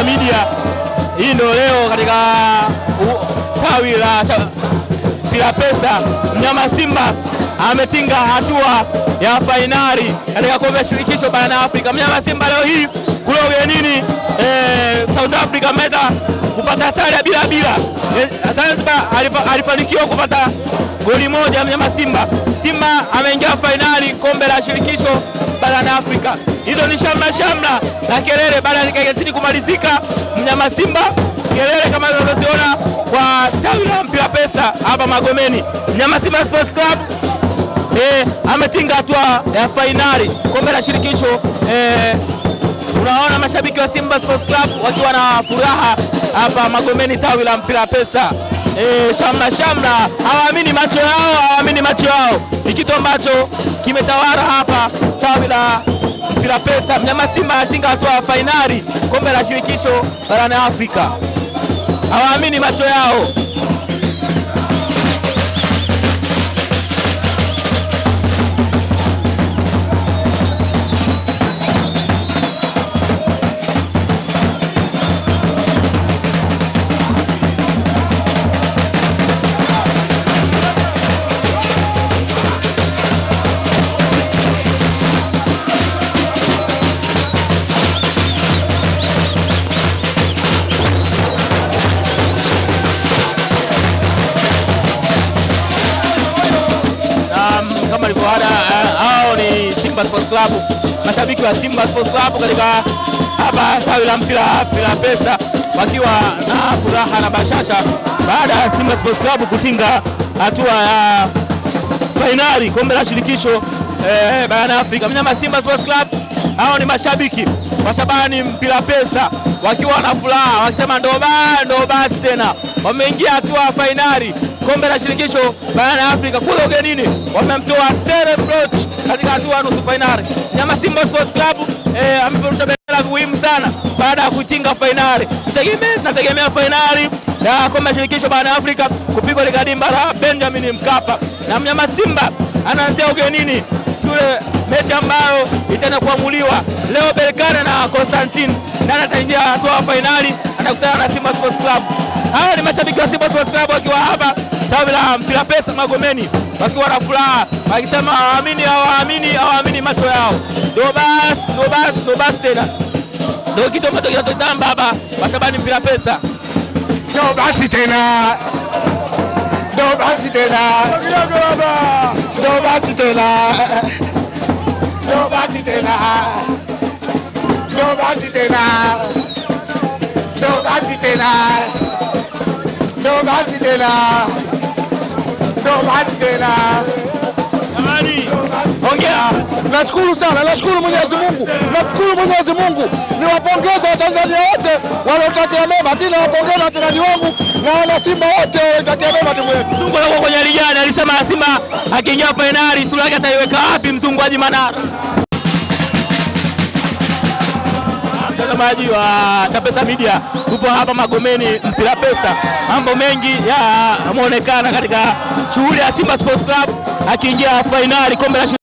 Sasa Media hii ndio leo katika tawi la bila pesa, mnyama Simba ametinga hatua ya fainali katika kombe la shirikisho barani Afrika. Mnyama Simba leo hii kule ugenini, eh, South Africa meta kupata sare ya bila bila. Eh, Zanzibar alifanikiwa kupata goli moja mnyama Simba. Simba ameingia fainali kombe la shirikisho barani Afrika. Hizo ni shamra shamra na kelele baada ya dakika kumalizika, mnyama Simba kelele kama unavyoziona kwa tawi la mpira pesa hapa Magomeni. Mnyama Simba Sports Club eh, ametinga hatua ya fainali kombe la shirikisho eh, unaona mashabiki wa Simba Sports Club wakiwa na furaha hapa Magomeni, tawi la mpira pesa. E, shamra shamra, hawaamini macho yao, hawaamini macho yao. Ni kitu ambacho kimetawala hapa tawi la mpira pesa. Mnyama Simba yatinga hatua ya fainali kombe la shirikisho barani Afrika, hawaamini macho yao. Simba Sports Club, mashabiki wa Simba Sports Club katika hapa tawi la mpira la pesa wakiwa na furaha na bashasha baada ya Simba Sports Club kutinga hatua ya fainali kombe la shirikisho eh, barani Afrika. Mnyama Simba Sports Club, hao ni mashabiki wa Shabani mpira pesa wakiwa na furaha wakisema ndo ba ndo basi tena, wameingia hatua ya fainali kombe la shirikisho barani Afrika kule ugenini, wamemtoa Stellenbosch katika hatua ya nusu fainali. Nyama Simba Sports Club eh, ameperusha bendera muhimu sana baada ya kutinga fainali. Tunategemea fainali na kombe la shirikisho barani Afrika kupigwa katika dimba la Benjamin Mkapa, na mnyama Simba anaanzia ugenini shule, mechi ambayo itaenda kuamuliwa leo Berkane na Constantine, na ataingia hatua ya fainali, anakutana na Simba Sports Club. Hawa ni mashabiki wa Simba Sports Club wakiwa hapa tawi la mpira pesa Magomeni wakiwa na furaha wakisema hawaamini, hawaamini, hawaamini macho yao. Ndio basi, ndio basi, ndio basi tena ndio kitu ambacho kinatokana baba washabani mpira pesa. Ndio basi tena, ndio basi tena, ndio basi tena, ndio basi tena, ndio basi tena, ndio basi tena. Ongea. Nashukuru sana, nashukuru Mwenyezi Mungu, nashukuru Mwenyezi Mungu. Niwapongeze Watanzania wote wanaotakia mema, lakini nawapongeza wachezaji wangu na wana Simba wote wanaotakia mema timu yetu. Mzungu alikuwa kwenye lijani alisema Simba akiingia fainali sura yake ataiweka wapi? Mzungu aje Manara. watazamaji wa Chapesa Media, tupo hapa Magomeni mpira pesa. Mambo mengi yameonekana katika shughuli ya Simba Sports Club akiingia fainali kombe la